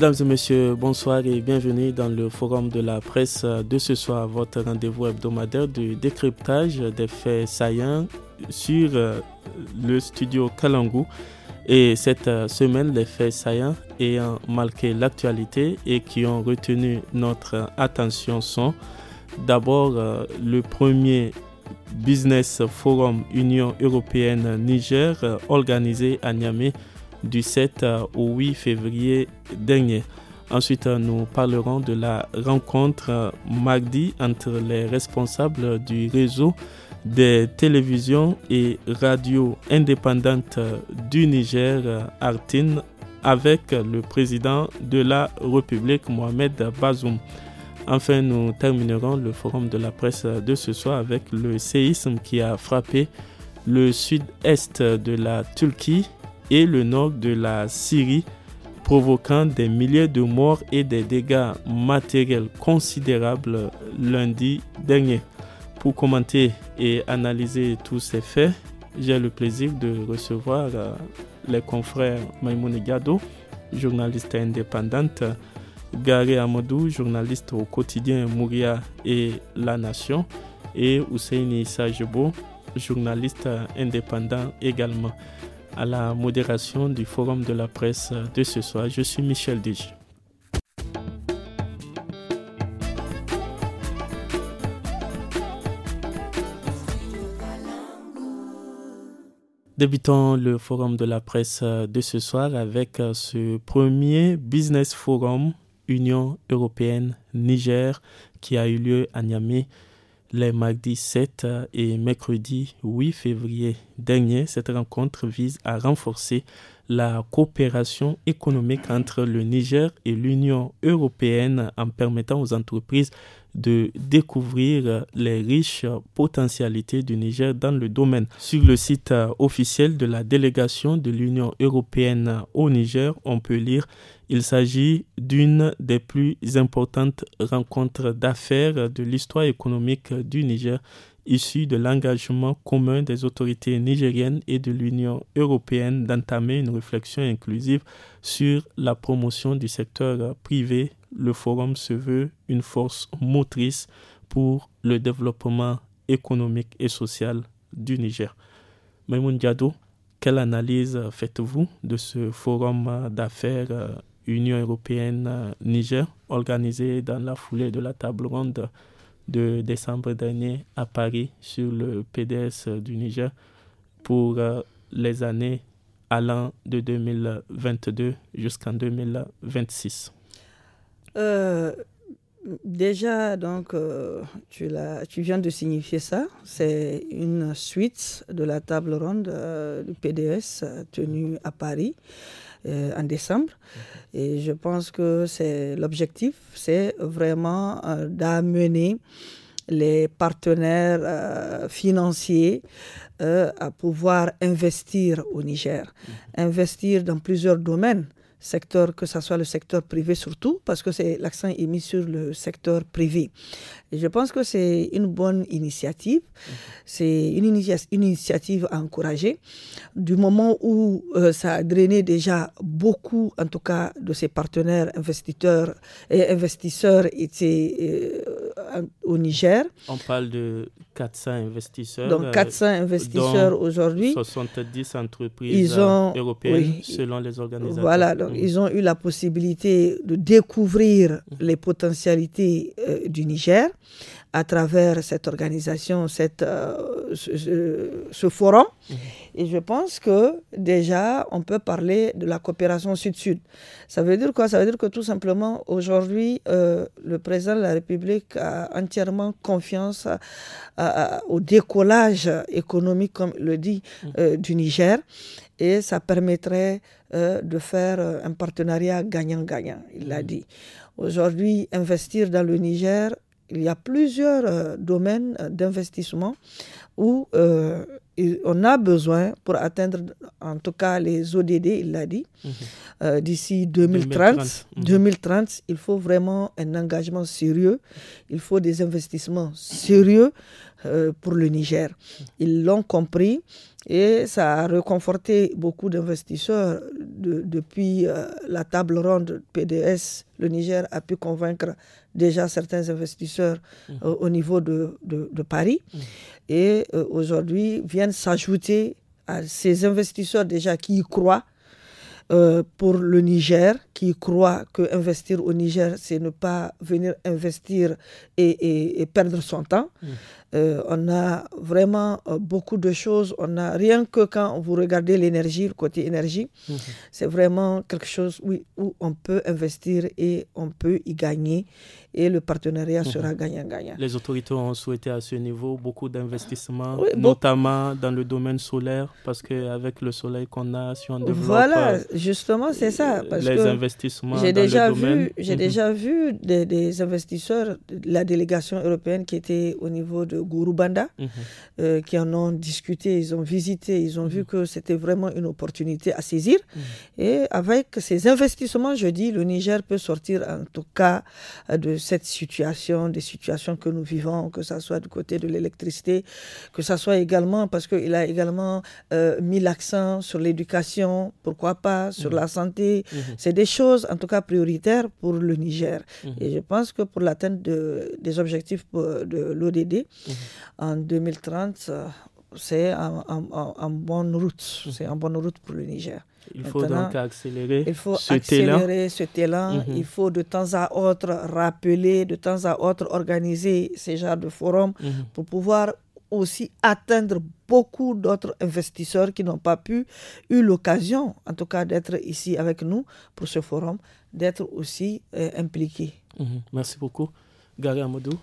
Mesdames et messieurs, bonsoir et bienvenue dans le forum de la presse de ce soir, votre rendez-vous hebdomadaire du décryptage des faits saillants sur euh, le studio Kalangu. Et cette euh, semaine, les faits saillants ayant marqué l'actualité et qui ont retenu notre attention sont d'abord euh, le premier Business Forum Union Européenne Niger organisé à Niamey du 7 euh, au 8 février dernier. Ensuite, euh, nous parlerons de la rencontre euh, mardi entre les responsables du réseau des télévisions et radios indépendantes du Niger, Artin, avec le président de la République, Mohamed Bazoum. Enfin, nous terminerons le forum de la presse de ce soir avec le séisme qui a frappé le sud-est de la Turquie et le nord de la Syrie, provoquant des milliers de morts et des dégâts matériels considérables lundi dernier. Pour commenter et analyser tous ces faits, j'ai le plaisir de recevoir euh, les confrères Maïmoune Gado, journaliste indépendante, Gary Amadou, journaliste au quotidien Mouria et La Nation, et Hussein Issa journaliste indépendant également à la modération du Forum de la presse de ce soir. Je suis Michel Dij. Débutons le forum de la presse de ce soir avec euh, ce premier business forum Union européenne Niger qui a eu lieu à Niamey les mardis 7 et mercredi 8 février dernier. Cette rencontre vise à renforcer la coopération économique entre le Niger et l'Union européenne en permettant aux entreprises de découvrir les riches potentialités du Niger dans le domaine. Sur le site officiel de la délégation de l'Union européenne au Niger, on peut lire il s'agit d'une des plus importantes rencontres d'affaires de l'histoire économique du Niger, issue de l'engagement commun des autorités nigériennes et de l'Union européenne d'entamer une réflexion inclusive sur la promotion du secteur privé. Le forum se veut une force motrice pour le développement économique et social du Niger. Maimoun Diado, quelle analyse faites-vous de ce forum d'affaires Union européenne euh, Niger, organisée dans la foulée de la table ronde de décembre dernier à Paris sur le PDS du Niger pour euh, les années allant de 2022 jusqu'en 2026. Euh, déjà, donc, tu, tu, viens de signifier ça. C'est une suite de la table ronde du PDS tenue à Paris. Euh, en décembre. Mhm. Et je pense que c'est l'objectif, c'est vraiment euh, d'amener les partenaires euh, financiers à pouvoir investir au Niger, mhm. investir dans plusieurs domaines secteur, que ce soit le secteur privé surtout, parce que c'est l'accent est mis sur le secteur privé. je pense que c'est une bonne initiative. Mhm. C'est une, initiative à encourager. Du moment où euh, ça a drainé déjà beaucoup, en tout cas, de ses partenaires investisseurs et investisseurs étaient euh, au Niger. On parle de 400 investisseurs. Donc 400 euh, investisseurs aujourd'hui. 70 entreprises euh, européennes selon les organisations. Voilà, donc mm. ils ont eu la possibilité de découvrir mm. les potentialités du Niger à travers cette organisation, cette, euh, ce, forum. Mhm. Et je pense que déjà, on peut parler de la coopération sud-sud. Ça veut dire quoi Ça veut dire que tout simplement, aujourd'hui, euh, le président de la République a entièrement confiance au décollage économique, comme le dit, mhm. euh, du Niger. Et ça permettrait de faire un partenariat gagnant-gagnant, il l'a mhm. dit. Aujourd'hui, investir dans le Niger, il y a plusieurs euh, domaines euh, d'investissement où euh, on a besoin pour atteindre, en tout cas les ODD, il l'a dit, mhm. d'ici 2030. 2030. 2030, il faut vraiment un engagement sérieux, il faut des investissements sérieux pour le Niger. Mhm. Ils l'ont compris. Et ça a reconforté beaucoup d'investisseurs. depuis euh, la table ronde PDS, le Niger a pu convaincre déjà certains investisseurs mmh. euh, au niveau de, Paris. Mmh. Et euh, aujourd'hui, viennent s'ajouter à ces investisseurs déjà qui y croient. pour le Niger, qui croient que investir au Niger, c'est ne pas venir investir et, perdre son temps. Mmh. Euh, on a vraiment euh, beaucoup de choses. On a rien que quand vous regardez l'énergie, le côté énergie, mhm. c'est vraiment quelque chose où, où, on peut investir et on peut y gagner et le partenariat mhm. sera gagnant-gagnant. Les autorités ont souhaité à ce niveau beaucoup d'investissements, notamment dans le domaine solaire, parce qu'avec le soleil qu'on a, si on développe. Voilà, euh, justement, c'est ça. Parce les investissements. J'ai déjà, vu, j'ai mhm. déjà vu des, investisseurs, la délégation européenne qui était au niveau de Gourou Banda, mhm. euh, qui en ont discuté, ils ont visité, ils ont mhm. vu que c'était vraiment une opportunité à saisir. Mhm. Et avec ces investissements, je dis, le Niger peut sortir en tout cas euh, de cette situation, des situations que nous vivons, que ce soit du côté de l'électricité, que ce soit également parce qu'il a également euh, mis l'accent sur l'éducation, pourquoi pas, sur la santé. C'est des choses en tout cas prioritaires pour le Niger. Et je pense que pour l'atteinte des objectifs de l'ODD, Mhm. En 2030, euh, c'est un, bonne route. Mhm. C'est une bonne route pour le Niger. Il faut donc accélérer, il faut ce accélérer ce talent. Mhm. Il faut de temps à autre rappeler, de temps à autre organiser ces genres de forums pour pouvoir aussi atteindre beaucoup d'autres investisseurs qui n'ont pas pu, eu l'occasion, en tout cas, d'être ici avec nous pour ce forum, d'être aussi euh, impliqués. Merci beaucoup. Gary Amadou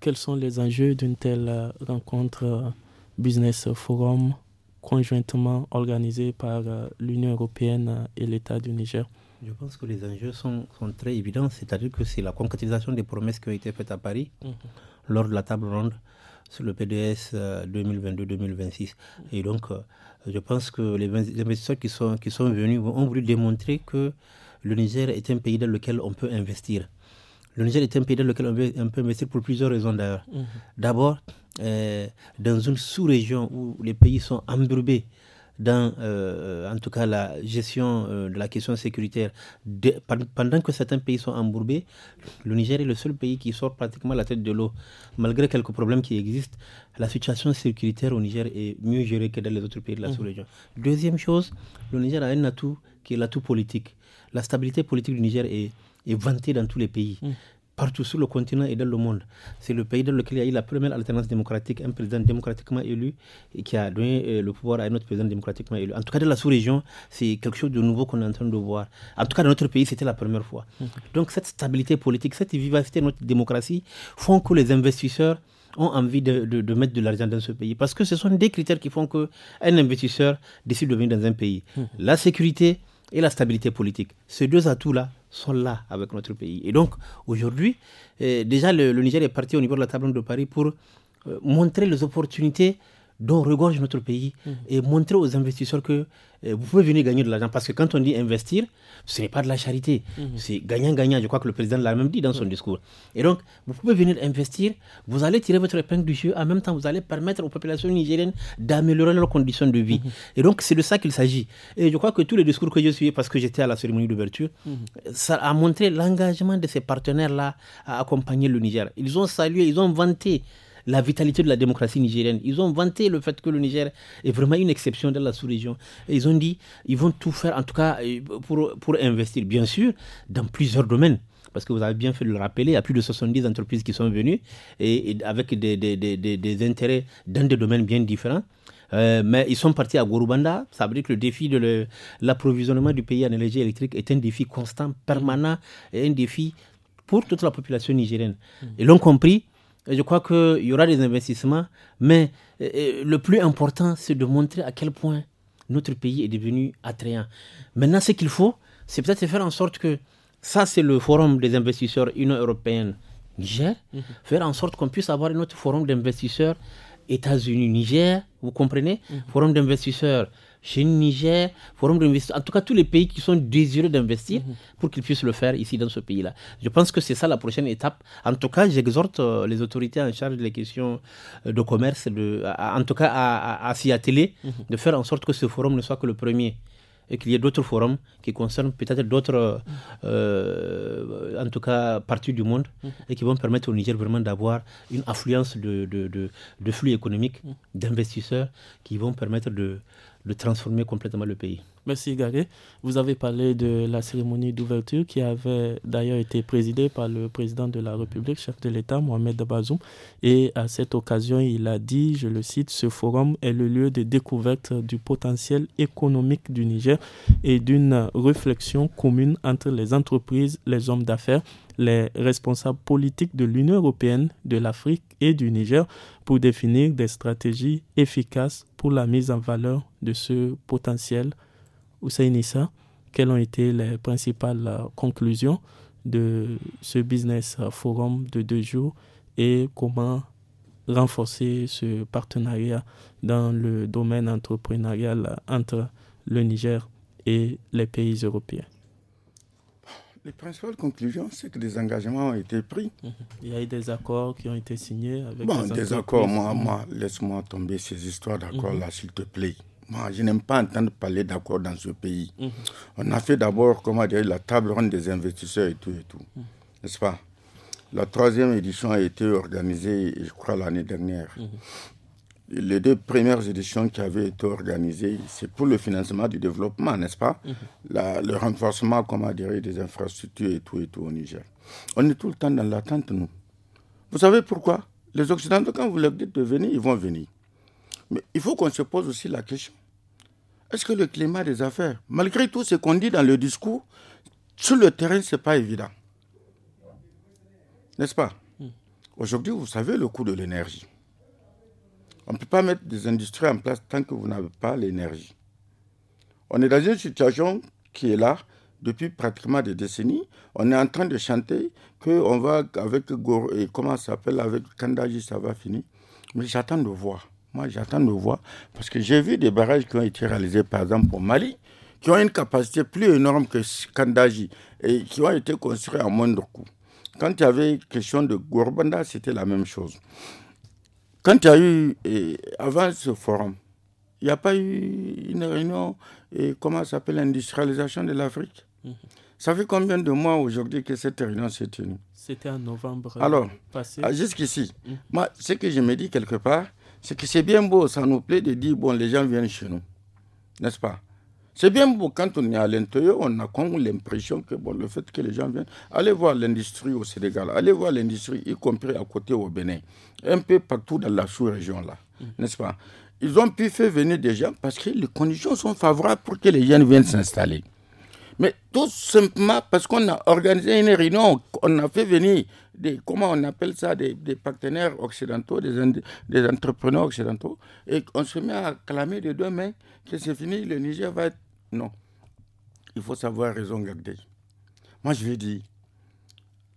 quels sont les enjeux d'une telle euh, rencontre euh, Business Forum conjointement organisée par euh, l'Union européenne et l'État du Niger Je pense que les enjeux sont, très évidents, c'est-à-dire que c'est la concrétisation des promesses qui ont été faites à Paris mm-hmm. lors de la table ronde sur le PDS 2022-2026. Et donc, je pense que les investisseurs qui sont, qui sont venus ont voulu démontrer que le Niger est un pays dans lequel on peut investir le Niger est un pays dans lequel on peut, investir pour plusieurs raisons d'ailleurs. Mhm. D'abord, euh, dans une sous-région où les pays sont embourbés dans, euh, en tout cas, la gestion euh, de la question sécuritaire. pendant que certains pays sont embourbés, le Niger est le seul pays qui sort pratiquement la tête de l'eau. Malgré quelques problèmes qui existent, la situation sécuritaire au Niger est mieux gérée que dans les autres pays de la mhm. sous-région. Deuxième chose, le Niger a un atout qui est l'atout politique la stabilité politique du Niger est, vantée dans tous les pays. Mm. partout sur le continent et dans le monde. C'est le pays dans lequel il y a eu la première alternance démocratique, un président démocratiquement élu et qui a donné euh, le pouvoir à un autre président démocratiquement élu. En tout cas, dans la sous-région, c'est quelque chose de nouveau qu'on est en train de voir. En tout cas, dans notre pays, c'était la première fois. Mm. Donc, cette stabilité politique, cette vivacité de notre démocratie font que les investisseurs ont envie de, de mettre de l'argent dans ce pays. Parce que ce sont des critères qui font qu'un investisseur décide de venir dans un pays. Mm. La sécurité, et la stabilité politique. Ces deux atouts-là sont là avec notre pays. Et donc, aujourd'hui, eh, déjà, le, Niger est parti au niveau de la table de Paris pour euh, montrer les opportunités dont regorge notre pays mhm. et montrer aux investisseurs que euh, vous pouvez venir gagner de l'argent. Parce que quand on dit investir, ce n'est pas de la charité, mhm. c'est gagnant-gagnant. Je crois que le président l'a même dit dans son discours. Et donc, vous pouvez venir investir, vous allez tirer votre épingle du jeu, en même temps, vous allez permettre aux populations nigériennes d'améliorer leurs conditions de vie. Mhm. Et donc, c'est de ça qu'il s'agit. Et je crois que tous les discours que j'ai suivis, parce que j'étais à la cérémonie d'ouverture, ça a montré l'engagement de ces partenaires-là à accompagner le Niger. Ils ont salué, ils ont vanté la vitalité de la démocratie nigérienne. Ils ont vanté le fait que le Niger est vraiment une exception dans la sous-région. Ils ont dit, ils vont tout faire, en tout cas, euh, pour, pour investir, bien sûr, dans plusieurs domaines parce que vous avez bien fait de le rappeler, il y a plus de 70 entreprises qui sont venues et, avec des, des, des, des, intérêts dans des domaines bien différents. Euh, mais ils sont partis à Gorubanda. Ça veut dire que le défi de l'approvisionnement du pays en énergie électrique est un défi constant, permanent et un défi pour toute la population nigérienne. Ils mm. l'ont compris je crois qu'il y aura des investissements, mais euh, euh, le plus important, c'est de montrer à quel point notre pays est devenu attrayant. Maintenant, ce qu'il faut, c'est peut-être faire en sorte que, ça c'est le forum des investisseurs Union européenne Niger, mhm. faire en sorte qu'on puisse avoir notre forum d'investisseurs États-Unis Niger, vous comprenez, mhm. forum d'investisseurs chez Niger, Forum d'investissement, en tout cas tous les pays qui sont désireux d'investir mhm. pour qu'ils puissent le faire ici dans ce pays-là. Je pense que c'est ça la prochaine étape. En tout cas, j'exhorte euh, les autorités en charge des questions euh, de commerce, de, en tout cas à, à, à s'y atteler, mhm. de faire en sorte que ce forum ne soit que le premier et qu'il y ait d'autres forums qui concernent peut-être d'autres, euh, en tout cas, parties du monde mhm. et qui vont permettre au Niger vraiment d'avoir une affluence de, de, de flux économiques, d'investisseurs qui vont permettre de, le transformer complètement le pays. Merci Gary. Vous avez parlé de la cérémonie d'ouverture qui avait d'ailleurs été présidée par le président de la République, chef de l'État, Mohamed Bazoum. Et à cette occasion, il a dit, je le cite, ce forum est le lieu de découverte du potentiel économique du Niger et d'une réflexion commune entre les entreprises, les hommes d'affaires, les responsables politiques de l'Union européenne, de l'Afrique et du Niger pour définir des stratégies efficaces pour la mise en valeur de ce potentiel Oussainissa, Issa, quelles ont été les principales euh, conclusions de ce business euh, forum de deux jours et comment renforcer ce partenariat dans le domaine entrepreneurial euh, entre le Niger et les pays européens Les principales conclusions, c'est que des engagements ont été pris. Mhm. Il y a eu des accords qui ont été signés avec Bon, des accords, moi, mhm. moi laisse-moi tomber ces histoires d'accords mhm. là, s'il te plaît. Moi, je n'aime pas entendre parler d'accord dans ce pays. On a fait d'abord, comment dire, la table ronde des investisseurs et tout et tout. N'est-ce pas La troisième édition a été organisée, je crois, l'année dernière. Les deux premières éditions qui avaient été organisées, c'est pour le financement du développement, n'est-ce pas Le renforcement, comment dire, des infrastructures et tout et tout au Niger. On est tout le temps dans l'attente, nous. Vous savez pourquoi Les Occidentaux, quand vous leur dites de venir, ils vont venir. Mais il faut qu'on se pose aussi la question. Est-ce que le climat des affaires, malgré tout ce qu'on dit dans le discours, sur le terrain, ce n'est pas évident. N'est-ce pas hmm. Aujourd'hui, vous savez le coût de l'énergie. On ne peut pas mettre des industries en place tant que vous n'avez pas l'énergie. On est dans une situation qui est là depuis pratiquement des décennies. On est en train de chanter qu'on va avec, comment ça s'appelle, avec Kandaji, ça va finir. Mais j'attends de voir. Moi, j'attends de voir, parce que j'ai vu des barrages qui ont été réalisés, par exemple, au Mali, qui ont une capacité plus énorme que Kandaji, et qui ont été construits à moindre coût. Quand il y avait question de Gourbanda, c'était la même chose. Quand il y a eu, avant ce forum, il n'y a pas eu une réunion, et comment s'appelle l'industrialisation de l'Afrique mhm. Ça fait combien de mois aujourd'hui que cette réunion s'est tenue C'était en novembre Alors, ah, Jusqu'ici, mhm. moi, ce que je me dis quelque part, c'est que c'est bien beau, ça nous plaît de dire, bon, les gens viennent chez nous, n'est-ce pas C'est bien beau, quand on est à l'intérieur, on a comme l'impression que, bon, le fait que les gens viennent, allez voir l'industrie au Sénégal, allez voir l'industrie, y compris à côté au Bénin, un peu partout dans la sous-région, là, mm. n'est-ce pas Ils ont pu faire venir des gens parce que les conditions sont favorables pour que les gens viennent s'installer. Mais tout simplement parce qu'on a organisé une réunion, on a fait venir des, comment on appelle ça, des, partenaires occidentaux, des, entrepreneurs occidentaux, et on se met à clamer de deux mains que c'est fini, le Niger va être. Non. Il faut savoir raison garder. Moi, je vais dis,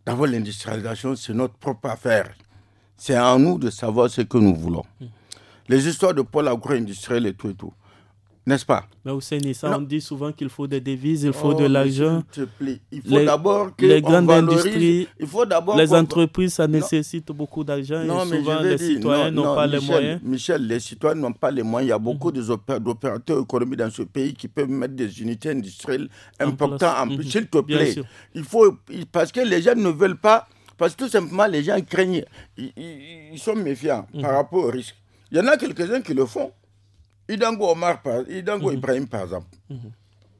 d'abord, l'industrialisation, c'est notre propre affaire. C'est à nous de savoir ce que nous voulons. Mm. Les histoires de pôle agro-industriel et tout et tout n'est-ce pas Mais au on dit souvent qu'il faut des devises, il faut de oh, l'argent. Il faut d'abord que les grandes industries, il faut les entreprises, ça nécessite beaucoup d'argent. Non, mais les citoyens n'ont pas les moyens. Michel, les citoyens n'ont pas les moyens. Il y a mm-hmm. beaucoup d'opérateurs économiques dans ce pays qui peuvent mettre des unités industrielles importantes en place, mm-hmm. S'il te plaît, il faut, parce que les gens ne veulent pas, parce que tout simplement, les gens craignent, ils, sont méfiants mm-hmm. par rapport au risque. Il y en a quelques-uns qui le font. Idango Omar, par, mhm. Ibrahim, par exemple, mhm.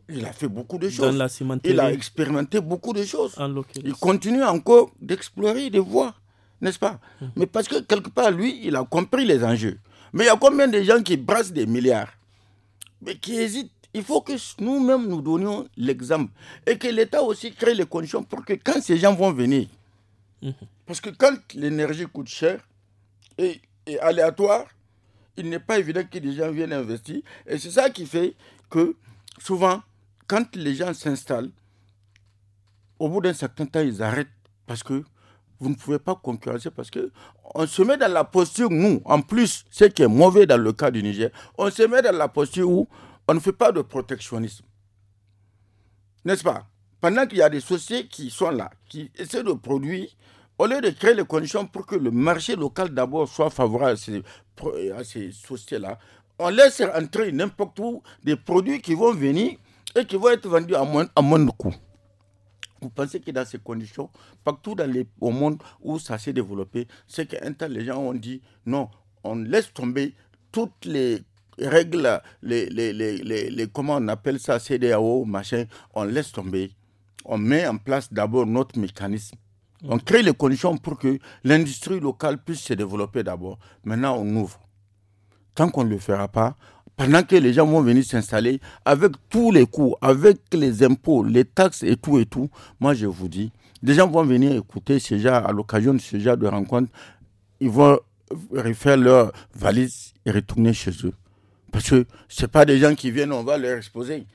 il a fait beaucoup de choses. il a expérimenté beaucoup de choses. il continue encore d'explorer, de voir, n'est-ce pas mhm. Mais parce que quelque part, lui, il a compris les enjeux. Mais il y a combien de gens qui brassent des milliards, mais qui hésitent il faut que nous-mêmes nous donnions l'exemple et que l'État aussi crée les conditions pour que quand ces gens vont venir, parce que quand l'énergie coûte cher et aléatoire, il n'est pas évident que des gens viennent investir. Et c'est ça qui fait que souvent, quand les gens s'installent, au bout d'un certain temps, ils arrêtent parce que vous ne pouvez pas concurrencer parce qu'on se met dans la posture, nous, en plus, ce qui est mauvais dans le cas du Niger, on se met dans la posture où on ne fait pas de protectionnisme. N'est-ce pas Pendant qu'il y a des sociétés qui sont là, qui essaient de produire, au lieu de créer les conditions pour que le marché local d'abord soit favorable à ces sociétés-là, on laisse entrer n'importe où des produits qui vont venir et qui vont être vendus à moins, à moins de coût. Vous pensez que dans ces conditions, partout dans les, au monde où ça s'est développé, c'est qu'un temps, les gens ont dit non, on laisse tomber toutes les règles, les, les, les, les comment on appelle ça, CDAO, machin, on laisse tomber. On met en place d'abord notre mécanisme on crée les conditions pour que l'industrie locale puisse se développer d'abord. Maintenant, on ouvre. Tant qu'on ne le fera pas, pendant que les gens vont venir s'installer, avec tous les coûts, avec les impôts, les taxes et tout et tout, moi je vous dis, les gens vont venir écouter ces gens à l'occasion de ces gens de rencontre, ils vont refaire leur valise et retourner chez eux. Parce que ce pas des gens qui viennent, on va leur exposer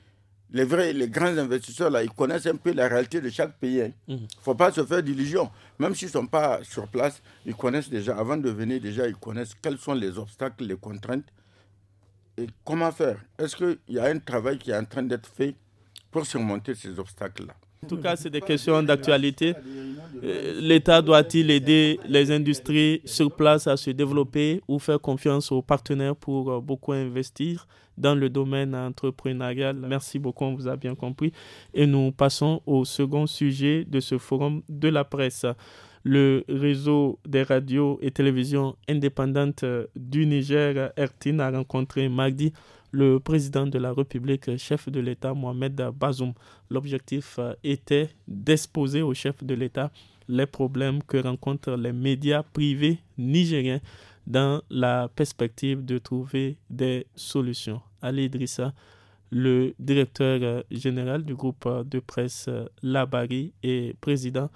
les vrais, les grands investisseurs, là, ils connaissent un peu la réalité de chaque pays. Il hein. ne mhm. faut pas se faire d'illusions. Même s'ils ne sont pas sur place, ils connaissent déjà, avant de venir déjà, ils connaissent quels sont les obstacles, les contraintes et comment faire. Est-ce qu'il y a un travail qui est en train d'être fait pour surmonter ces obstacles-là en tout cas, c'est des questions d'actualité. Euh, L'État doit-il aider les industries sur place à se développer ou faire confiance aux partenaires pour euh, beaucoup investir dans le domaine entrepreneurial Merci beaucoup, on vous a bien compris. Et nous passons au second sujet de ce forum de la presse. Le réseau des radios et télévisions indépendantes euh, du Niger, RTN, a rencontré mardi le président de la République, chef de l'État Mohamed Bazoum. L'objectif euh, était d'exposer au chef de l'État les problèmes que rencontrent les médias privés nigériens dans la perspective de trouver des solutions. Ali Idrissa, le directeur euh, général du groupe euh, de presse Labari et président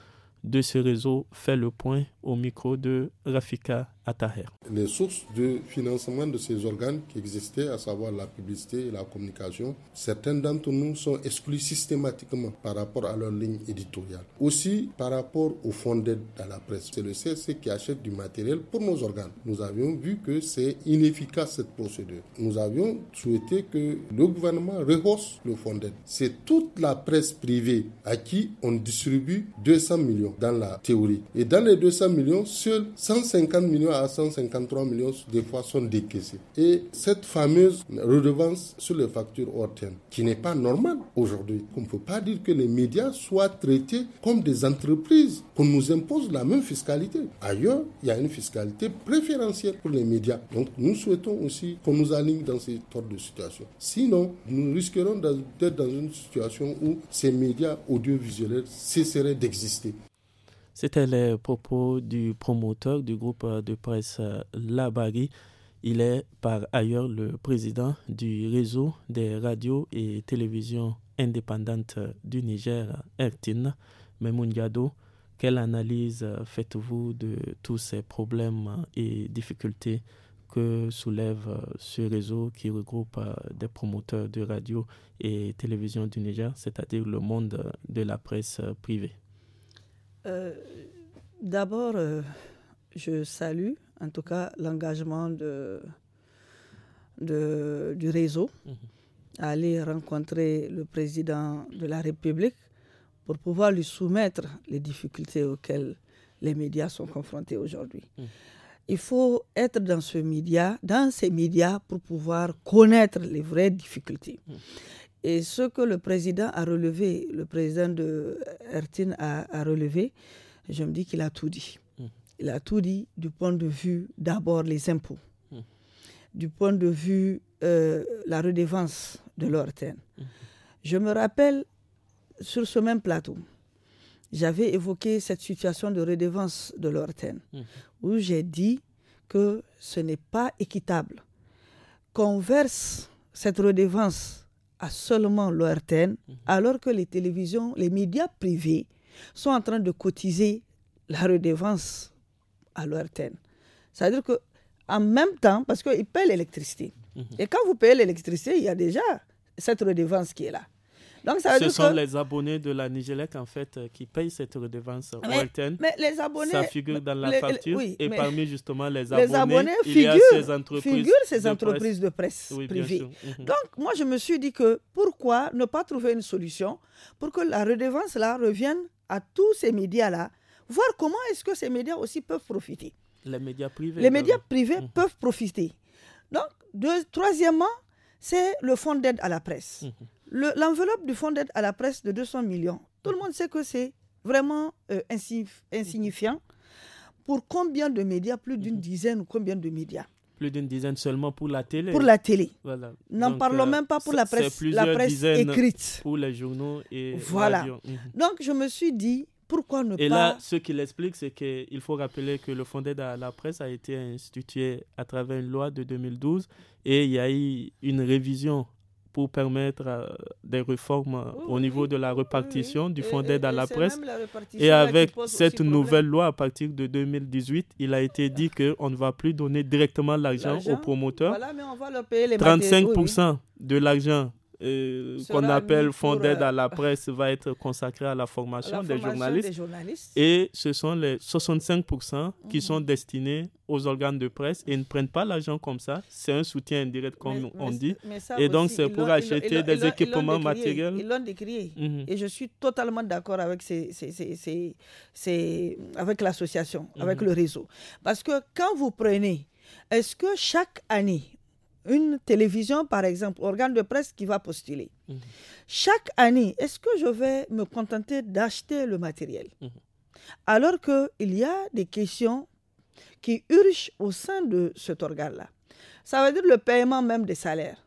de ce réseau fait le point au micro de Rafika Attaher. Les sources de financement de ces organes qui existaient, à savoir la publicité et la communication, certaines d'entre nous sont exclus systématiquement par rapport à leur ligne éditoriale. Aussi par rapport au fonds d'aide à la presse. C'est le CSC qui achète du matériel pour nos organes. Nous avions vu que c'est inefficace cette procédure. Nous avions souhaité que le gouvernement rehausse le fonds d'aide. C'est toute la presse privée à qui on distribue 200 millions dans la théorie. Et dans les 200 millions, seuls 150 millions à 153 millions des fois sont décaissés. Et cette fameuse redevance sur les factures hors terme, qui n'est pas normale aujourd'hui. On ne peut pas dire que les médias soient traités comme des entreprises, qu'on nous impose la même fiscalité. Ailleurs, il y a une fiscalité préférentielle pour les médias. Donc nous souhaitons aussi qu'on nous aligne dans ces sortes de situation. Sinon, nous risquerons d'être dans une situation où ces médias audiovisuels cesseraient d'exister. C'était les propos du promoteur du groupe de presse euh, Labari. Il est par ailleurs le président du réseau des radios et télévisions indépendantes du Niger, Ertin Memungado. Quelle analyse faites-vous de tous ces problèmes et difficultés que soulève euh, ce réseau qui regroupe euh, des promoteurs de radio et télévision du Niger, c'est-à-dire le monde de la presse privée euh, d'abord, euh, je salue en tout cas l'engagement de, du réseau mhm. à aller rencontrer le président de la République pour pouvoir lui soumettre les difficultés auxquelles les médias sont confrontés aujourd'hui. Mhm. Il faut être dans, ce média, dans ces médias pour pouvoir connaître les vraies difficultés. Mhm. Et ce que le président a relevé, le président de Ertin a, relevé, je me dis qu'il a tout dit. Hmm. Il a tout dit du point de vue d'abord les impôts, hmm. du point de vue euh, la redevance de l'ORTEN. Hmm. Je me rappelle sur ce même plateau, j'avais évoqué cette situation de redevance de l'ORTEN, où j'ai dit que ce n'est pas équitable qu'on verse cette redevance à seulement l'ORTN, mhm. alors que les télévisions, les médias privés sont en train de cotiser la redevance à l'ORTN. C'est-à-dire que en même temps, parce qu'ils paient l'électricité. Mhm. Et quand vous payez l'électricité, il y a déjà cette redevance qui est là. Ce sont les abonnés de la Nigélec, en fait, euh, qui payent cette redevance mais, les abonnés... Ça figure dans la facture. et parmi, justement, les abonnés, il figurent, y ces entreprises, de, presse. privées. Mhm. Donc, moi, je me suis dit que pourquoi ne pas trouver une solution pour que la redevance, là, revienne à tous ces médias-là, voir comment est-ce que ces médias aussi peuvent profiter. Les médias privés. Les médias privés mhm. peuvent profiter. Donc, troisièmement, c'est le fonds d'aide à la presse. Mhm. L'enveloppe du fonds d'aide à la presse de 200 millions, tout le monde sait que c'est vraiment euh, insignifiant. Pour combien de médias Plus d'une mhm. dizaine ou combien de médias plus d'une dizaine seulement pour la télé. Pour la télé. Voilà. N'en parlons euh, même pas pour la presse, la presse écrite. Pour les journaux et Voilà. Mhm. Donc je me suis dit, pourquoi ne pas... Et là, ce qu'il explique, c'est qu'il faut rappeler que le fonds d'aide à la presse a été institué à travers une loi de 2012 et il y a eu une révision pour permettre euh, des réformes euh, oh, au niveau de la répartition du fonds d'aide à la presse. et avec cette nouvelle loi, à partir de 2018, il a été dit qu'on ne va plus donner directement l'argent aux promoteurs. 35% de l'argent qu'on appelle fonds d'aide à la presse va être consacré à la formation, des, journalistes. Et ce sont les 65% qui mhm. sont destinés aux organes de presse et ne prennent pas l'argent comme ça. C'est un soutien indirect, comme on dit. et donc, c'est pour acheter des équipements matériels. Ils l'ont décrié. Mhm. Et je suis totalement d'accord avec, avec l'association, avec mhm. le réseau. Parce que quand vous prenez, est-ce que chaque année, une télévision, par exemple, organe de presse qui va postuler. Mhm. Chaque année, est-ce que je vais me contenter d'acheter le matériel mhm. Alors Alors qu'il y a des questions qui urgent au sein de cet organe-là. Ça veut dire le paiement même des salaires.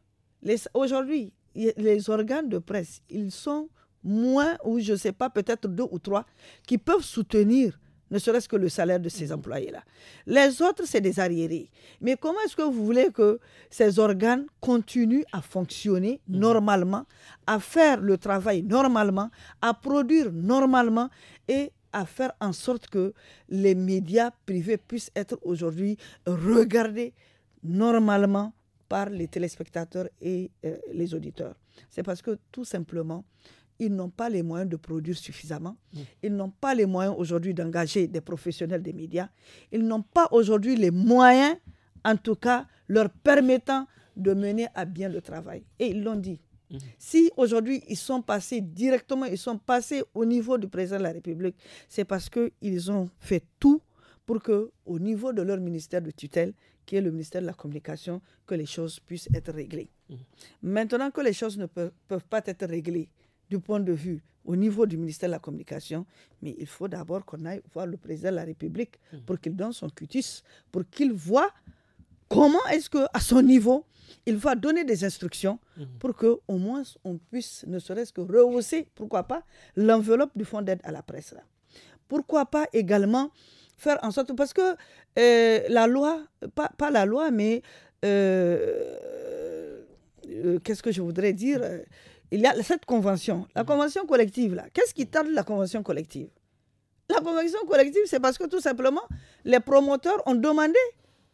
Aujourd'hui, les organes de presse, ils sont moins, ou je ne sais pas, peut-être deux ou trois, qui peuvent soutenir ne serait-ce que le salaire de ces employés-là. Les autres, c'est des arriérés. Mais comment est-ce que vous voulez que ces organes continuent à fonctionner mmh. normalement, à faire le travail normalement, à produire normalement et à faire en sorte que les médias privés puissent être aujourd'hui regardés normalement par les téléspectateurs et euh, les auditeurs C'est parce que tout simplement, ils n'ont pas les moyens de produire suffisamment. Mm. Ils n'ont pas les moyens aujourd'hui d'engager des professionnels des médias. Ils n'ont pas aujourd'hui les moyens, en tout cas, leur permettant de mener à bien le travail. Et ils l'ont dit. Mm. Si aujourd'hui ils sont passés directement, ils sont passés au niveau du président de la République, c'est parce qu'ils ont fait tout pour que, au niveau de leur ministère de tutelle, qui est le ministère de la Communication, que les choses puissent être réglées. Mm. Maintenant que les choses ne peuvent pas être réglées du point de vue au niveau du ministère de la Communication, mais il faut d'abord qu'on aille voir le président de la République mmh. pour qu'il donne son cutis, pour qu'il voit comment est-ce que à son niveau, il va donner des instructions mmh. pour que au moins on puisse ne serait-ce que rehausser, pourquoi pas, l'enveloppe du fonds d'aide à la presse. Pourquoi pas également faire en sorte, parce que euh, la loi, pas, la loi, mais euh, euh, qu'est-ce que je voudrais dire il y a cette convention, la mhm. convention collective, là. Qu'est-ce qui tarde la convention collective La convention collective, c'est parce que tout simplement, les promoteurs ont demandé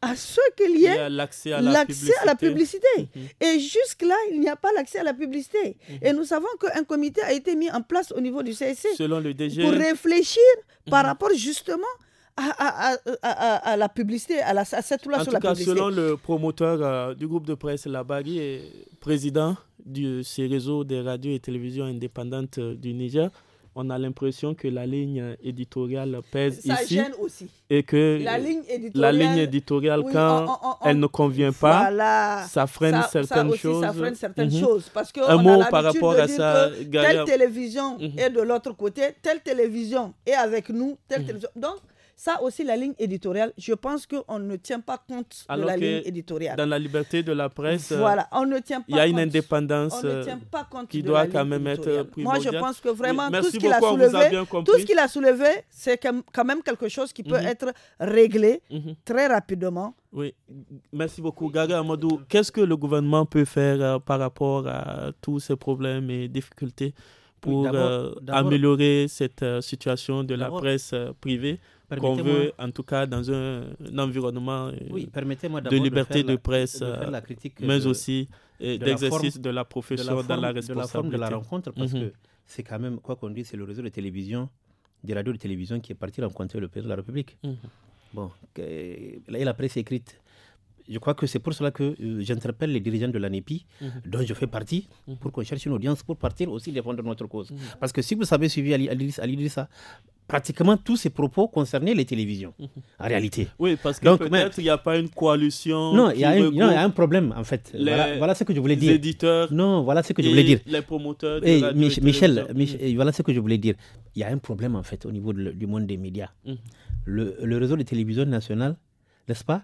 à ceux qu'il y ait l'accès à, la publicité. Mhm. Et jusque-là, il n'y a pas l'accès à la publicité. Mhm. Et nous savons qu'un comité a été mis en place au niveau du CSC pour réfléchir par rapport justement à, la publicité, à, cette loi en sur tout la cas, Selon le promoteur euh, du groupe de presse Bagui est président de ces réseaux de radios et télévisions indépendantes euh, du Niger, on a l'impression que la ligne éditoriale pèse ici. aussi. Et que la ligne éditoriale, la ligne éditoriale quand elle ne convient pas, ça, freine certaines mhm. choses. Parce que Un a par rapport à ça, Telle télévision mhm. est de l'autre côté, telle télévision est avec nous, telle mhm. télévision. Donc, ça aussi, la ligne éditoriale, je pense qu'on ne tient pas compte de la ligne éditoriale. Dans la liberté de la presse, euh, voilà, on ne tient pas il y a une indépendance euh, qui doit quand même être Moi, je pense que vraiment, tout, ce qu'il a soulevé, c'est quand même quelque chose qui peut mhm. être réglé mhm. très rapidement. Oui, merci beaucoup. Gaga Amadou, qu'est-ce que le gouvernement peut faire euh, par rapport à tous ces problèmes et difficultés pour améliorer cette situation de la presse privée qu'on veut, en tout cas, dans un, environnement euh, de liberté de, presse, euh, euh, mais aussi d'exercice de, la profession dans la responsabilité. De la rencontre, parce mhm. que c'est quand même, quoi qu'on dise, c'est le réseau de télévision, des radios de télévision qui est parti rencontrer le président de la République. Mhm. Bon, et la presse écrite. Je crois que c'est pour cela que j'interpelle les dirigeants de l'ANEPI, mhm. dont je fais partie, pour qu'on cherche une audience pour partir aussi défendre notre cause. Parce que si vous avez suivi Ali, Ali, pratiquement tous ces propos concernaient les télévisions, mhm. en réalité. Oui, parce que peut-être il n'y a pas une coalition. Non, il y, a un problème, en fait. Les, voilà, ce que je voulais dire. Les éditeurs. Non, voilà ce que je voulais dire. Les promoteurs. Eh, Michel, mhm. eh, voilà ce que je voulais dire. Il y a un problème, en fait, au niveau du monde des médias. Mhm. Le, réseau de télévision national, n'est-ce pas,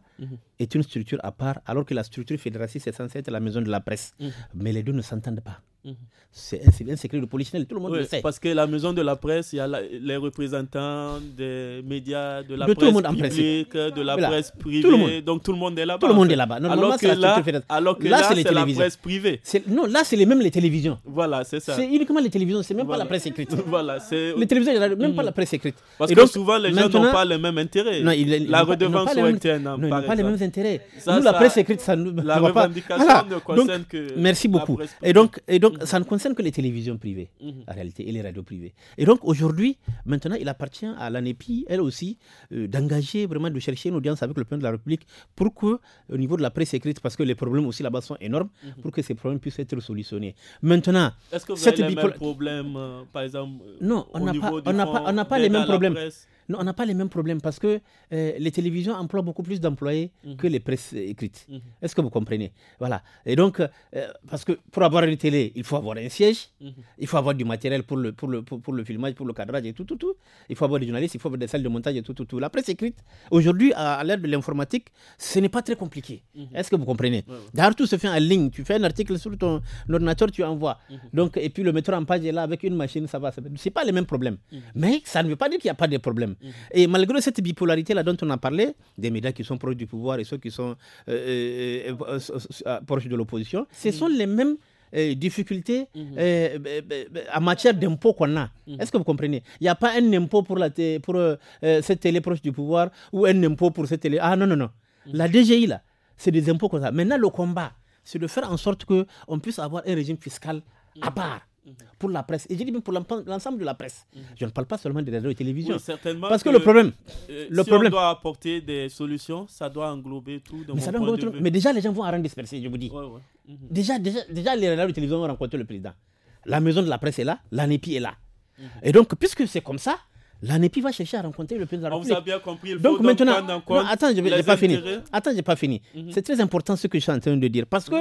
est une structure à part, alors que la structure fédératrice est censée être la maison de la presse. Mais les deux ne s'entendent pas. Mhm. C'est bien secret de tout le monde le sait. Parce que la maison de la presse, il y a les représentants des médias, de la presse publique, de la presse privée, donc tout le monde est là-bas. Tout le monde est là-bas. Alors, que là, là, c'est la presse privée. Non, là, c'est même les télévisions. Voilà, c'est ça. C'est uniquement les télévisions, c'est même pas la presse écrite. voilà, c'est... Les télévisions, il n'y a même pas la mm-hmm. presse écrite. Parce Et que donc, souvent, les gens n'ont pas les mêmes intérêts. Non, la redevance au ils n'ont pas les mêmes intérêts. Nous, la presse écrite, ça nous... La revendication ne concerne que... Merci beaucoup. Et donc ça ne concerne que les télévisions privées, mhm. en réalité, et les radios privées. Et donc, aujourd'hui, maintenant, il appartient à l'ANEPI, elle aussi, euh, d'engager, vraiment, de chercher une audience avec le peuple de la République pour que, au niveau de la presse écrite, parce que les problèmes aussi là-bas sont énormes, mhm. pour que ces problèmes puissent être solutionnés. Maintenant, est-ce que vous avez les mêmes problèmes, euh, par exemple, euh, non, on n'a pas, les mêmes problèmes. Presse on n'a pas les mêmes problèmes parce que euh, les télévisions emploient beaucoup plus d'employés mhm. que les presses écrites. Mhm. Est-ce que vous comprenez Voilà. Et donc, euh, parce que pour avoir une télé, il faut avoir un siège, mhm. il faut avoir du matériel pour le, pour, le, pour, le filmage, pour le cadrage et tout, tout, tout. Il faut avoir des journalistes, il faut avoir des salles de montage et tout, tout, tout. La presse écrite, aujourd'hui, à, l'ère de l'informatique, ce n'est pas très compliqué. Est-ce que vous comprenez D'ailleurs, tout se fait en ligne. Tu fais un article sur ton ordinateur, tu envoies. Donc, et puis le metteur en page est là avec une machine, ça va. Ce n'est pas les mêmes problèmes. Mais ça ne veut pas dire qu'il n'y a pas de problème. Mm-hmm. Et malgré cette bipolarité-là dont on a parlé, des médias qui sont proches du pouvoir et ceux qui sont euh, euh, euh, proches de l'opposition, ce mm-hmm. sont les mêmes difficultés mm-hmm. en matière d'impôts qu'on a. Est-ce que vous comprenez Il n'y a pas un impôt pour, la pour cette télé proche du pouvoir ou un impôt pour cette télé. Ah non, non, non. La DGI, là, c'est des impôts qu'on a. Maintenant, le combat, c'est de faire en sorte qu'on puisse avoir un régime fiscal à part. Mhm. pour la presse. Et j'ai dit même pour l'ensemble de la presse. Mhm. Je ne parle pas seulement des radios et télévisions. certainement Parce que, le problème. Euh, le problème, on doit apporter des solutions, ça doit englober tout. mais, mais déjà, les gens vont en rendre dispersés, je vous dis. Mhm. déjà, déjà, déjà, les radios et télévisions vont rencontrer le président. La maison de la presse est là, l'ANEPI est là. Et donc, puisque c'est comme ça, L'ANEPI va chercher à rencontrer le président de la République. On vous a bien compris. Il faut donc, maintenant, attends, je n'ai pas fini. Attends, j'ai pas fini. C'est très important ce que je suis en train de dire parce que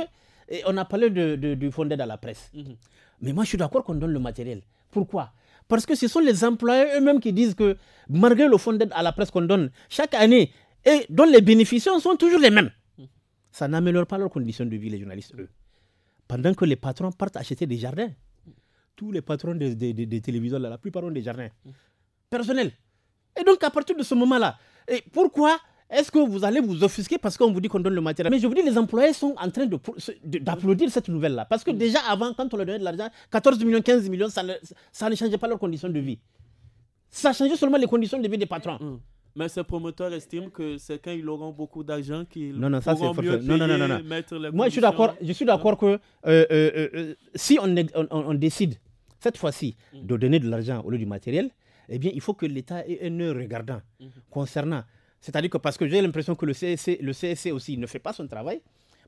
et on a parlé de, fonds d'aide à la presse. Mhm. Mais moi, je suis d'accord qu'on donne le matériel. Pourquoi Parce que ce sont les employés eux-mêmes qui disent que malgré le fonds d'aide à la presse qu'on donne chaque année, et dont les bénéficiaires sont toujours les mêmes, mhm. ça n'améliore pas leurs conditions de vie, les journalistes, eux. Pendant que les patrons partent acheter des jardins. Tous les patrons des de, télévisions, la plupart ont des jardins mhm. personnels. Et donc, à partir de ce moment-là, pourquoi est-ce que vous allez vous offusquer parce qu'on vous dit qu'on donne le matériel Mais je vous dis, les employés sont en train d'applaudir cette nouvelle-là. Parce que déjà avant, quand on leur donnait de l'argent, 14 millions, 15 millions, ça ne, changeait pas leurs conditions de vie. Ça changeait seulement les conditions de vie des patrons. Hmm. Mais ces promoteurs estiment que c'est quand ils auront beaucoup d'argent qu'ils non, non, pourront mieux payer, non, non, non, non, Moi, je suis d'accord, je suis d'accord que euh, euh, euh, si on, décide cette fois-ci hmm. de donner de l'argent au lieu du matériel, eh bien, il faut que l'État ait un regardant hmm. concernant c'est-à-dire que parce que j'ai l'impression que le CSC, le aussi ne fait pas son travail,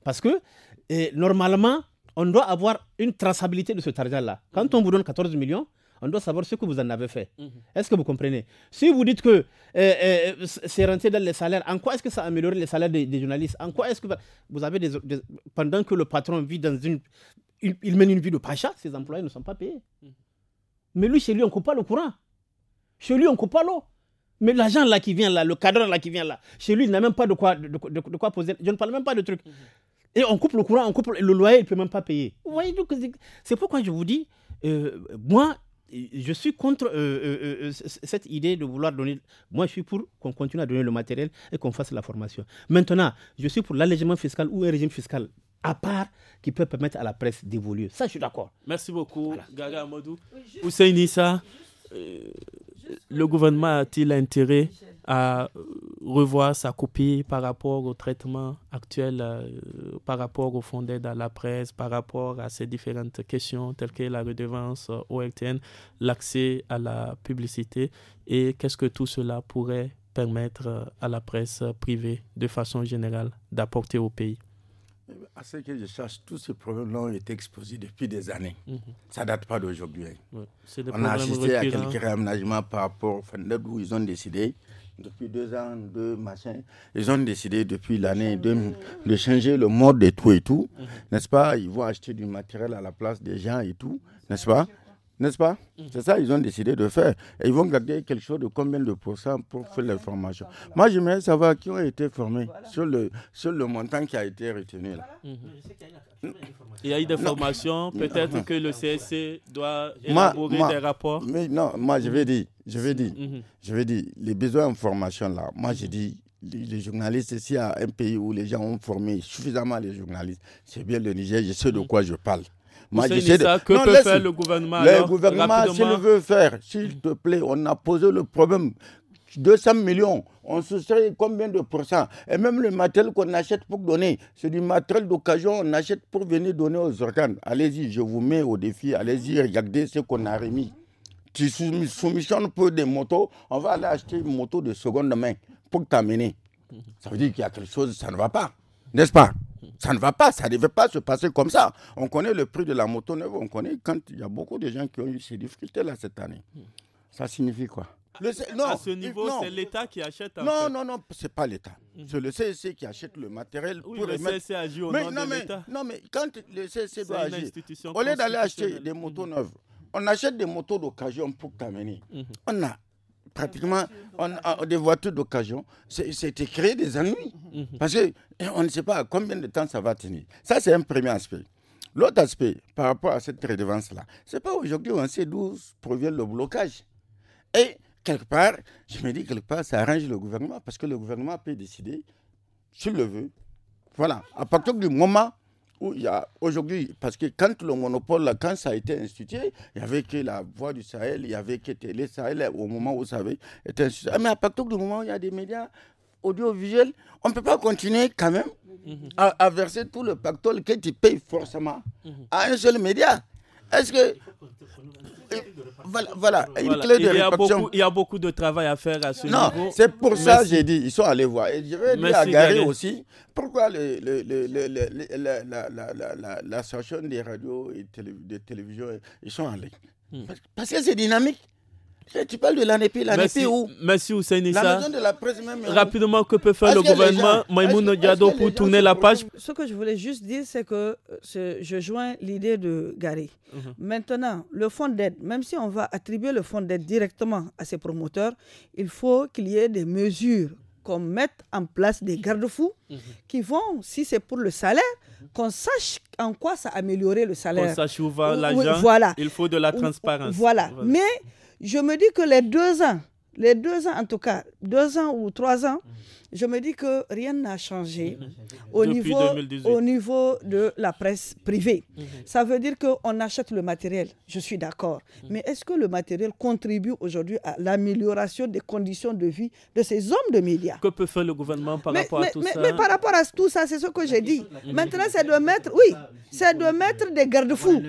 parce que eh, normalement, on doit avoir une traçabilité de ce argent là Quand on vous donne 14 millions, on doit savoir ce que vous en avez fait. Mhm. Est-ce que vous comprenez Si vous dites que eh, eh, c'est rentré dans les salaires, en quoi est-ce que ça a amélioré les salaires des, journalistes En quoi est-ce que vous avez des, pendant que le patron vit dans une, il mène une vie de pacha, ses employés ne sont pas payés. Mhm. Mais lui chez lui on ne coupe pas le courant. Chez lui on ne coupe pas l'eau. Mais l'agent là qui vient là, le cadre là qui vient là, chez lui, il n'a même pas de quoi, de, quoi poser. Je ne parle même pas de trucs. Mhm. Et on coupe le courant, on coupe le loyer, il ne peut même pas payer. Vous voyez, c'est pourquoi je vous dis, euh, moi, je suis contre euh, euh, cette idée de vouloir donner. Moi, je suis pour qu'on continue à donner le matériel et qu'on fasse la formation. Maintenant, je suis pour l'allègement fiscal ou un régime fiscal à part qui peut permettre à la presse d'évoluer. Ça, je suis d'accord. Merci beaucoup, Gaga Amadou. Hussein Nissa le gouvernement a-t-il intérêt à euh, revoir sa copie par rapport au traitement actuel, euh, par rapport au fond d'aide à la presse, par rapport à ces différentes questions telles que la redevance euh, au l'accès à la publicité et qu'est-ce que tout cela pourrait permettre à la presse privée de façon générale d'apporter au pays eh ben, à ce que je cherche, tous ces problèmes-là ont été exposés depuis des années. Mhm. Ça ne date pas d'aujourd'hui. Hein. On a assisté à quelques réaménagements par rapport enfin, où ils ont décidé, depuis deux ans, deux machins, ils ont décidé depuis l'année de, de changer le mode de tout et tout. Mhm. N'est-ce pas Ils vont acheter du matériel à la place des gens et tout. N'est-ce pas n'est-ce pas mm. C'est ça ils ont décidé de faire. Et ils vont garder quelque chose de combien de pourcents pour ah, faire la formation. Moi, j'aimerais savoir qui ont été formés sur, le, sur le montant qui a été retenu. Il y a eu des formations. Peut-être que le CSC doit élaborer des rapports. Mais non, moi, je vais dire, je vais dire, mhm. je vais dire, les besoins en formation, là, moi, je dis, les journalistes, s'il y a un pays où les gens ont formé suffisamment les journalistes, c'est bien le Niger, je sais de mhm. quoi je parle ça, que peut faire le gouvernement Le gouvernement, s'il veut faire, s'il te plaît, on a posé le problème. 200 millions, on se serait combien de pourcents Et même le matériel qu'on achète pour donner, c'est du matériel d'occasion, on achète pour venir donner aux organes. Allez-y, je vous mets au défi, allez-y, regardez ce qu'on a remis. Tu soumissionnes peu des motos, on va aller acheter une moto de seconde main pour t'amener. Ça veut dire qu'il y a quelque chose, ça ne va pas, n'est-ce pas ça ne va pas, ça ne devait pas se passer comme ça. On connaît le prix de la moto neuve, on connaît quand il y a beaucoup de gens qui ont eu ces difficultés-là cette année. Ça signifie quoi à ce niveau, c'est l'État qui achète. Non, non, non, c'est pas l'État. Mhm. C'est le CEC qui achète le matériel pour le mettre au mais, de l'État. non, mais quand le CEC doit agir, au lieu d'aller acheter des motos mhm. neuves, on achète des motos d'occasion pour t'amener. Mhm. On a pratiquement on a des voitures d'occasion, c'était créer des ennuis. Mhm. Parce qu'on eh, ne sait pas combien de temps ça va tenir. Ça, c'est un premier aspect. L'autre aspect par rapport à cette rédevance là c'est pas aujourd'hui on sait d'où provient le blocage. Et quelque part, je me dis quelque part, ça arrange le gouvernement parce que le gouvernement peut décider s'il le veut. Voilà, à partir du moment où il y a aujourd'hui, parce que quand le monopole, quand ça a été institué, il y avait que la voix du Sahel, il y avait que Télé Sahel au moment où ça avait été institué. Mais à partir du moment où il y a des médias audiovisuels, on ne peut pas continuer quand même mhm. à, verser tout le pactole que tu payes forcément mhm. à un seul média. Est-ce que. Voilà, une clé de il il y a beaucoup de travail à faire à ce non, niveau. Non, c'est pour ça que j'ai dit, ils sont allés voir. Et je vais à Gary aussi, pourquoi la, station des radios et de des télévisions, ils sont allés. Hmm. parce que c'est dynamique. Eh, tu parles de l'ANP, l'ANP où Merci ou La euh, Rapidement, que peut faire le gouvernement Maïmoun Diado pour tourner la page Ce que je voulais juste dire, c'est que euh, je joins l'idée de Gary. Mhm. Maintenant, le fonds d'aide, même si on va attribuer le fonds d'aide directement à ses promoteurs, il faut qu'il y ait des mesures qu'on mette en place des garde-fous mhm. qui vont, si c'est pour le salaire, mhm. qu'on sache en quoi ça améliorer le salaire. Qu'on sache où va l'argent. Voilà. Il faut de la transparence. voilà. Mais je me dis que les deux ans les deux ans, en tout cas, deux ans ou trois ans, mhm. je me dis que rien n'a changé au niveau, au niveau, de la presse privée. Mhm. Ça veut dire qu'on achète le matériel, je suis d'accord. Mhm. Mais est-ce que le matériel contribue aujourd'hui à l'amélioration des conditions de vie de ces hommes de médias Que peut faire le gouvernement par rapport à tout ça Mais par rapport à tout ça, c'est ce que j'ai dit. Maintenant, c'est de mettre, oui, c'est de mettre des garde-fous.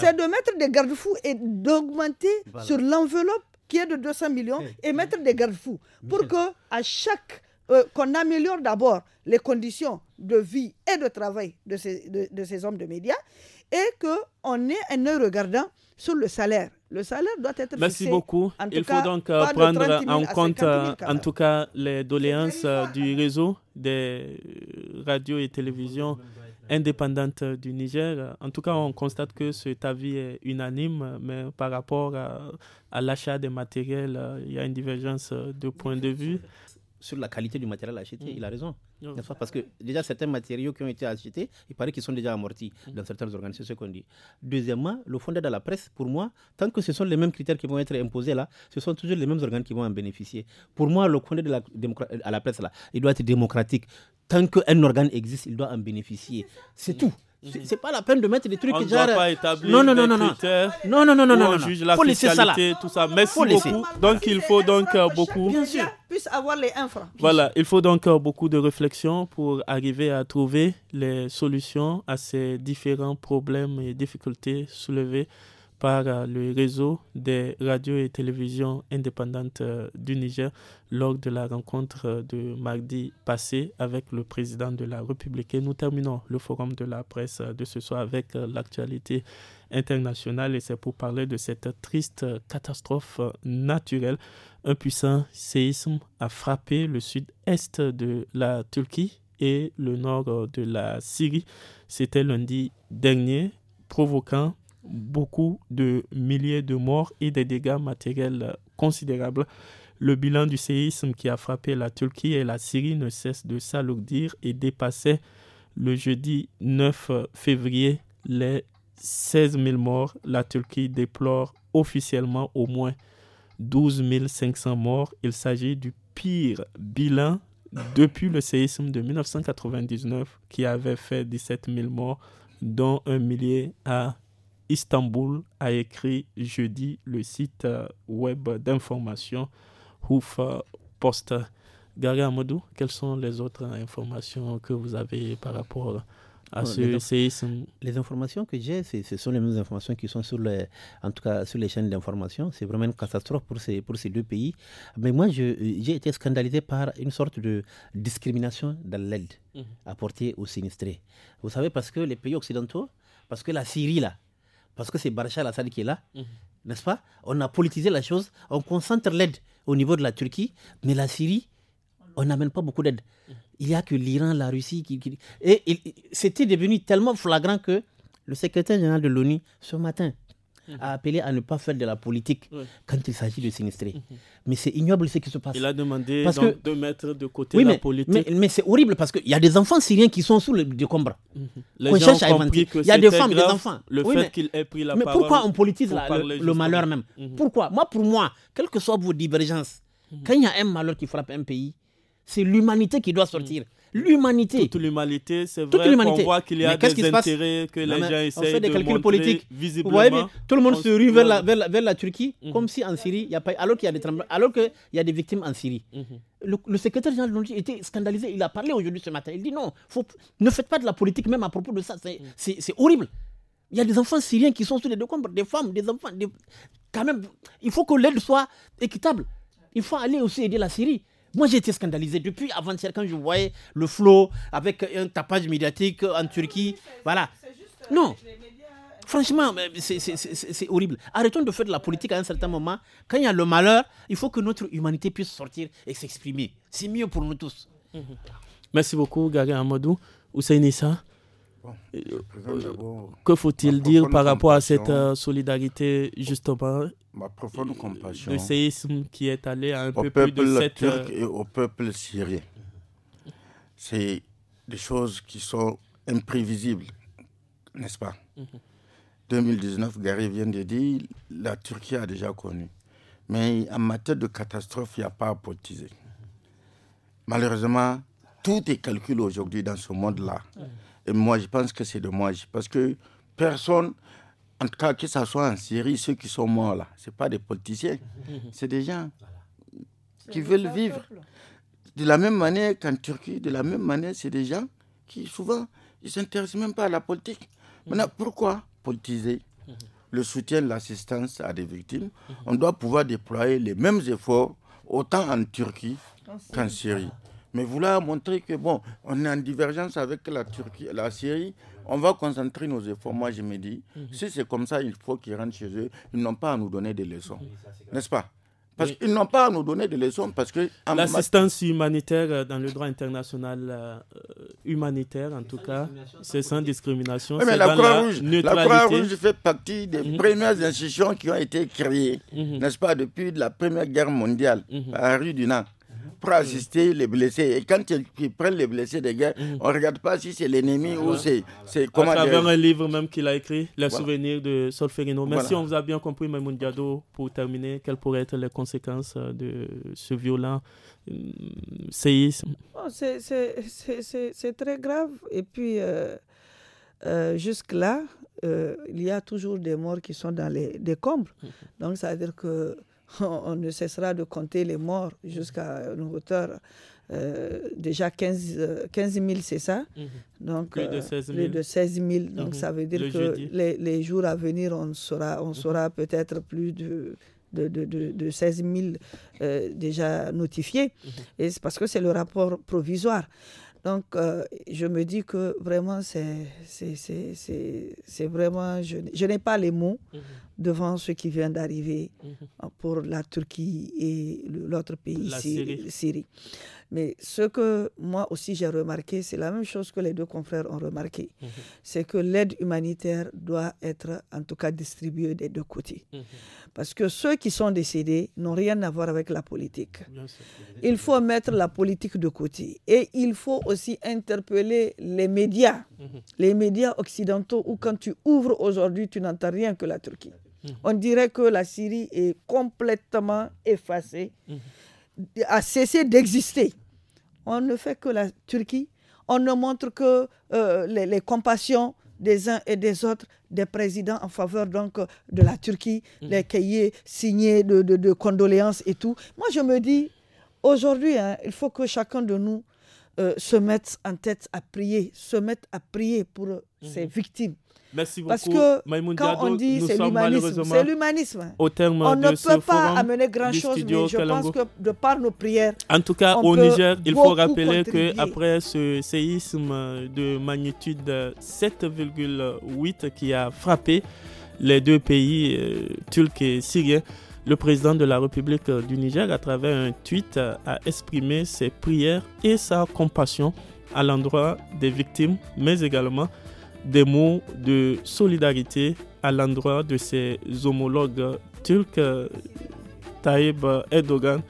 C'est de mettre des garde-fous et d'augmenter sur l'enveloppe qui est de 200 millions eh, et mettre des garde-fous pour que à chaque euh, qu'on améliore d'abord les conditions de vie et de travail de ces, de, ces hommes de médias et qu'on ait un œil regardant sur le salaire. Le salaire doit être Merci beaucoup. Il faut donc prendre en compte, euh, en tout cas, les doléances euh, du réseau des radios et télévisions indépendante du Niger. En tout cas, on constate que cet avis est unanime, mais par rapport à, l'achat des matériels, euh, il y a une divergence de point de vue. Sur la qualité du matériel acheté, mm. il a raison. Parce que déjà, certains matériaux qui ont été achetés, il paraît qu'ils sont déjà amortis hum. dans dans organes, c'est ce qu'on dit. Deuxièmement, le fondé de la presse, pour moi, tant que ce sont les mêmes critères qui vont être imposés là, ce sont toujours les mêmes organes qui vont en bénéficier. Pour moi, le fonds d'aide à, à la presse là, il doit être démocratique. Tant qu'un organe existe, il doit en bénéficier. C'est tout. C'est pas la peine de mettre des trucs on genre. pas euh, établir non, non, non, non, non. Non, non, non, non, non. On juge la faut fiscalité, tout ça. beaucoup. Donc, il faut donc euh, beaucoup. Bien sûr. Puisse avoir les infras. Voilà, il faut donc euh, beaucoup de réflexion pour arriver à trouver les solutions à ces différents problèmes et difficultés soulevées par euh, le réseau des radios et télévisions indépendantes euh, du Niger lors de la rencontre euh, de mardi passé avec le président de la République. Et nous terminons le forum de la presse de ce soir avec l'actualité internationale et c'est pour parler de cette triste catastrophe naturelle. Un puissant séisme a frappé le sud-est de la Turquie et le nord de la Syrie. C'était lundi dernier, provoquant beaucoup de milliers de morts et des dégâts matériels considérables. Le bilan du séisme qui a frappé la Turquie et la Syrie ne cesse de s'alourdir et dépassait le jeudi 9 février les 16 000 morts. La Turquie déplore officiellement au moins 12 500 morts. Il s'agit du pire bilan depuis le séisme de 1999 qui avait fait 17 000 morts, dont un millier à Istanbul a écrit jeudi le site euh, web d'information Houf euh, Post. Gary Amadou, quelles sont les autres informations que vous avez par rapport à ce les, séisme Les informations que j'ai, ce sont les mêmes informations qui sont sur les, en tout cas sur les chaînes d'information. C'est vraiment une catastrophe pour ces, pour ces deux pays. Mais moi, j'ai été scandalisé par une sorte de discrimination dans l'aide mhm. apportée aux sinistrés. Vous savez, parce que les pays occidentaux, parce que la Syrie, là, parce que c'est Al-Assad qui est là, mhm. n'est-ce pas On a politisé la chose, on concentre l'aide au niveau de la Turquie, mais la Syrie, on n'amène pas beaucoup d'aide. Mhm. Il n'y a que l'Iran, la Russie qui. et c'était devenu tellement flagrant que le secrétaire général de l'ONU, ce matin, a appelé à ne pas faire de la politique quand il s'agit de sinistrer. Mhm. Mais c'est ignoble ce qui se passe. Il a demandé de mettre de côté la politique. Mais, mais c'est horrible parce qu'il y a des enfants syriens qui sont sous le décombre. Mhm. on cherche Il y a des femmes, des enfants. Le fait qu'il ait pris la mais Mais pourquoi on politise le, le, malheur même mhm. Pourquoi Moi, pour moi, quelles que soient vos divergences, quand il y a un malheur qui frappe un pays, c'est l'humanité qui doit sortir l'humanité. Toute l'humanité, c'est vrai qu'on voit qu'il y a des intérêts que les gens essayent fait des calculs politiques. Visiblement. tout le monde se rue vers la, vers, la, Turquie, mhm. comme si en Syrie, y alors qu'il y a des alors y a des victimes en Syrie. Mhm. le, secrétaire général de l'ONU était scandalisé. Il a parlé aujourd'hui ce matin. Il dit non, faut, ne faites pas de la politique même à propos de ça. C'est mhm. horrible. Il y a des enfants syriens qui sont sous les deux décombres, des femmes, des enfants. Quand même, il faut que l'aide soit équitable. Il faut aller aussi aider la Syrie. Moi, j'ai été scandalisé depuis avant-hier quand je voyais le flot avec un tapage médiatique en Turquie. Voilà. Non. Euh, Franchement, c'est horrible. Arrêtons de faire de la politique à un certain moment. Quand il y a le malheur, il faut que notre humanité puisse sortir et s'exprimer. C'est mieux pour nous tous. Mhm. Merci beaucoup, Gary Amadou. Ousseinissa. Euh, euh, que faut-il dire par rapport à cette euh, solidarité, justement Ma profonde compassion. Le séisme qui est allé à un peu plus de turc et au peuple syrien. C'est des choses qui sont imprévisibles, n'est-ce pas 2019, mm-hmm. Gary vient de dire, la Turquie a déjà connu. Mais en matière de catastrophe, il n'y a pas à potiser. Malheureusement, tout est calculé aujourd'hui dans ce monde-là. Mm. Et moi, je pense que c'est de moi. Parce que personne, en tout cas, que ce soit en Syrie, ceux qui sont morts là, ce pas des politiciens, c'est des gens qui veulent vivre. De la même manière qu'en Turquie, de la même manière, c'est des gens qui, souvent, ils ne s'intéressent même pas à la politique. Mhm. Maintenant, pourquoi politiser mhm. le soutien, l'assistance à des victimes mhm. On doit pouvoir déployer les mêmes efforts autant en Turquie qu'en Syrie mais vouloir montrer que, bon, on est en divergence avec la Turquie, la Syrie, on va concentrer nos efforts. Moi, je me dis, mhm. si c'est comme ça, il faut qu'ils rentrent chez eux. Ils n'ont pas à nous donner des leçons, n'est-ce pas parce qu'ils n'ont pas à nous donner des leçons parce que l'assistance humanitaire euh, dans le droit international euh, humanitaire en tout cas c'est sans discrimination mais la croix rouge fait partie des mhm. premières institutions qui ont été créées mhm. n'est-ce pas depuis la première guerre mondiale à la rue du Nord pour mm. assister les blessés. Et quand ils, prennent les blessés de guerre, mm. on ne regarde pas si c'est l'ennemi ah, ou c'est comment. À un livre même qu'il a écrit, Les souvenirs de Solferino. Mais si on vous a bien compris, Maimoun Diado. Pour terminer, quelles pourraient être les conséquences euh, de ce violent hum, séisme oh, C'est très grave. Et puis, euh, euh, jusque-là, il y a toujours des morts qui sont dans les décombres. Mm-hmm. Donc, ça veut dire que on, ne cessera de compter les morts jusqu'à une hauteur. Euh, déjà 15, 000, euh, c'est ça mhm. Donc, plus, de 16 euh, 000. donc mhm. ça veut dire que les, jours à venir, on sera on mhm. peut-être plus de de, de, 16 000 déjà notifiés. Et c'est parce que c'est le rapport provisoire. Donc, je me dis que vraiment, c'est vraiment, je, je n'ai pas les mots devant ce qui vient d'arriver mhm. pour la Turquie et l'autre pays, la Syrie. Mais ce que moi aussi j'ai remarqué, c'est la même chose que les deux confrères ont remarqué, mhm. c'est que l'aide humanitaire doit être en tout cas distribuée des deux côtés. Mhm. Parce que ceux qui sont décédés n'ont rien à voir avec la politique. Il faut mettre la politique de côté et il faut aussi interpeller les médias, les médias occidentaux où quand tu ouvres aujourd'hui, tu n'entends rien que la Turquie. On dirait que la Syrie est complètement effacée, a cessé d'exister. On ne fait que la Turquie, on ne montre que euh, les, compassions des uns et des autres, des présidents en faveur donc de la Turquie, les cahiers signés de, condoléances et tout. Moi, je me dis, aujourd'hui, hein, il faut que chacun de nous euh, se mette en tête à prier, se mette à prier pour ses euh, mhm. victimes, Merci beaucoup. Parce que quand on dit c'est l'humanisme, c'est l'humanisme. on ne peut pas amener grand-chose, mais je pense que de par nos prières. En tout cas, au Niger, il faut rappeler qu'après ce séisme de magnitude 7,8 qui a frappé les deux pays, euh, et syrien, le président de la République du Niger, à travers un tweet, euh, a exprimé ses prières et sa compassion à l'endroit des victimes, mais également des mots de solidarité à l'endroit de ses homologues turcs euh, Tayyip Erdogan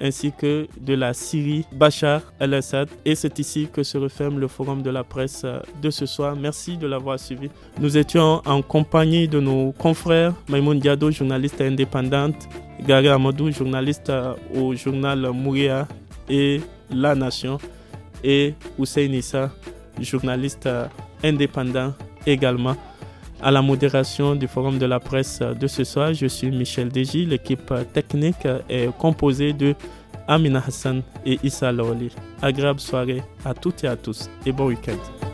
ainsi que de la Syrie Bachar el-Assad. Et c'est ici que se referme le forum de la presse de ce soir. Merci de l'avoir suivi. Nous étions en compagnie de nos confrères Maïmoun Diado, journaliste indépendante, Gary Amadou, journaliste euh, au journal Mouria et La Nation, et Hussein Issa, journaliste euh, indépendant également. À la modération du Forum de la presse euh, de ce soir, je suis Michel Deji. L'équipe euh, technique est composée de Amina Hassan et Issa Laoli. Agréable soirée à toutes et à tous et bon week-end.